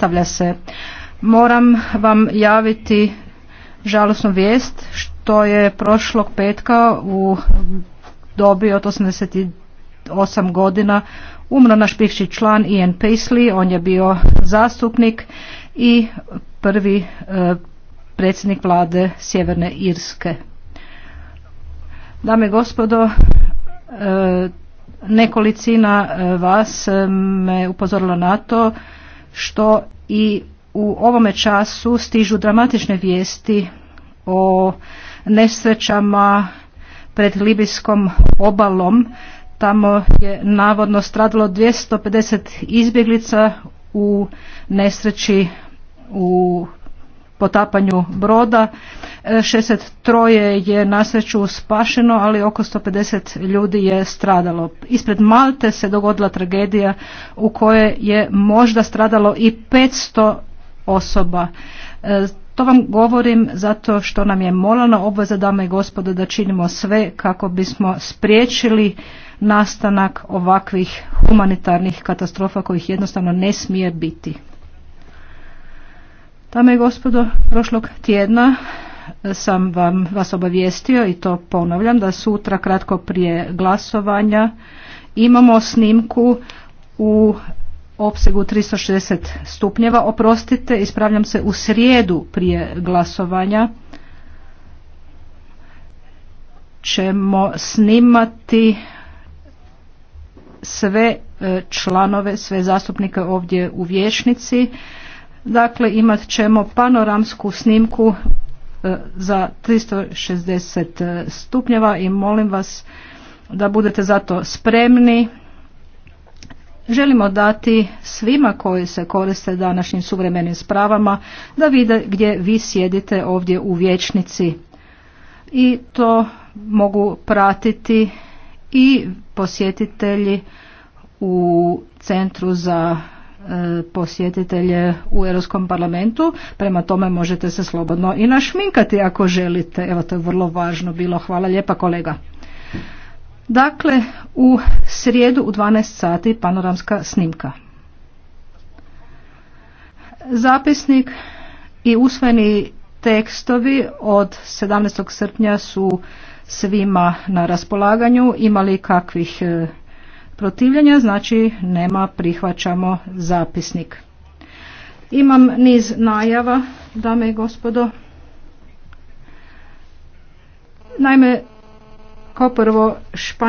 nastavlja se. Moram vam javiti žalosnu vijest što je prošlog petka u dobi od 88 godina umro naš bivši član Ian Paisley, on je bio zastupnik i prvi e, predsjednik vlade Sjeverne Irske. Dame i gospodo, e, nekolicina e, vas me upozorila na to što i u ovome času stižu dramatične vijesti o nesrećama pred libijskom obalom. Tamo je navodno stradalo 250 izbjeglica u nesreći u potapanju broda. 63 e, je na sreću spašeno, ali oko 150 ljudi je stradalo. Ispred Malte se dogodila tragedija u kojoj je možda stradalo i 500 osoba. E, to vam govorim zato što nam je moralna obveza, dame i gospodo, da činimo sve kako bismo spriječili nastanak ovakvih humanitarnih katastrofa kojih jednostavno ne smije biti. Dame i gospodo, prošlog tjedna sam vam vas obavijestio i to ponavljam da sutra kratko prije glasovanja imamo snimku u opsegu 360 stupnjeva. Oprostite, ispravljam se u srijedu prije glasovanja ćemo snimati sve e, članove, sve zastupnike ovdje u vijećnici Dakle, imat ćemo panoramsku snimku E, za 360 e, stupnjeva i molim vas da budete zato spremni. Želimo dati svima koji se koriste današnjim suvremenim spravama da vide gdje vi sjedite ovdje u vječnici i to mogu pratiti i posjetitelji u centru za E, posjetitelje u Europskom parlamentu, prema tome možete se slobodno i našminkati ako želite. Evo to je vrlo važno bilo. Hvala lijepa kolega. Dakle, u srijedu u 12 sati panoramska snimka. Zapisnik i usvojeni tekstovi od 17. srpnja su svima na raspolaganju. Imali kakvih e, protivljenja, znači nema prihvaćamo zapisnik. Imam niz najava, dame i gospodo. Naime, kao prvo,